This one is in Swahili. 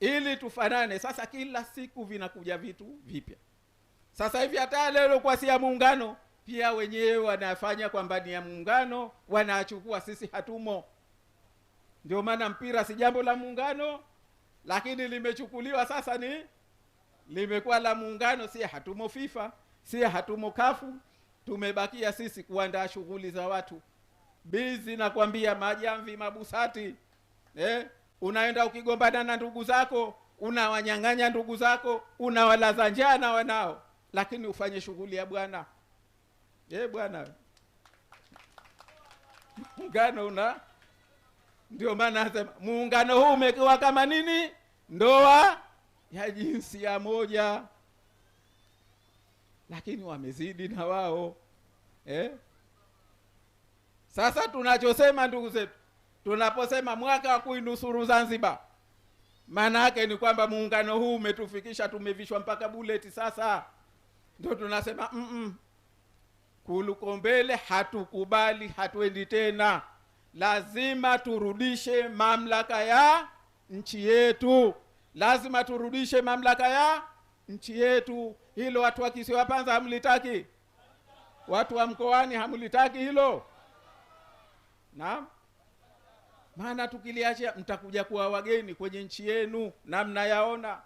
ili tufanane. Sasa kila siku vinakuja vitu vipya. Sasa hivi hata leo kwa si ya muungano pia wenyewe wanafanya kwamba ni ya muungano, wanachukua sisi hatumo. Ndio maana mpira si jambo la muungano, lakini limechukuliwa sasa ni limekuwa la muungano. Si hatumo FIFA, si hatumo kafu, tumebakia sisi kuandaa shughuli za watu bizi, nakwambia majamvi, mabusati eh? unaenda ukigombana na ndugu zako, unawanyang'anya ndugu zako, unawalaza njaa na wanao, lakini ufanye shughuli ya Bwana. e bwana muungano una ndio maana asema muungano huu umekiwa kama nini? Ndoa ya jinsi ya moja, lakini wamezidi na wao eh? Sasa tunachosema ndugu zetu Tunaposema mwaka wa kuinusuru Zanzibar, maana yake ni kwamba muungano huu umetufikisha, tumevishwa mpaka buleti. Sasa ndio tunasema mm -mm. Kuluko mbele, hatukubali, hatuendi tena. Lazima turudishe mamlaka ya nchi yetu, lazima turudishe mamlaka ya nchi yetu. Hilo watu wa kisiwa Panza hamlitaki, watu wa mkoani hamlitaki hilo, naam maana tukiliacha mtakuja kuwa wageni kwenye nchi yenu na mnayaona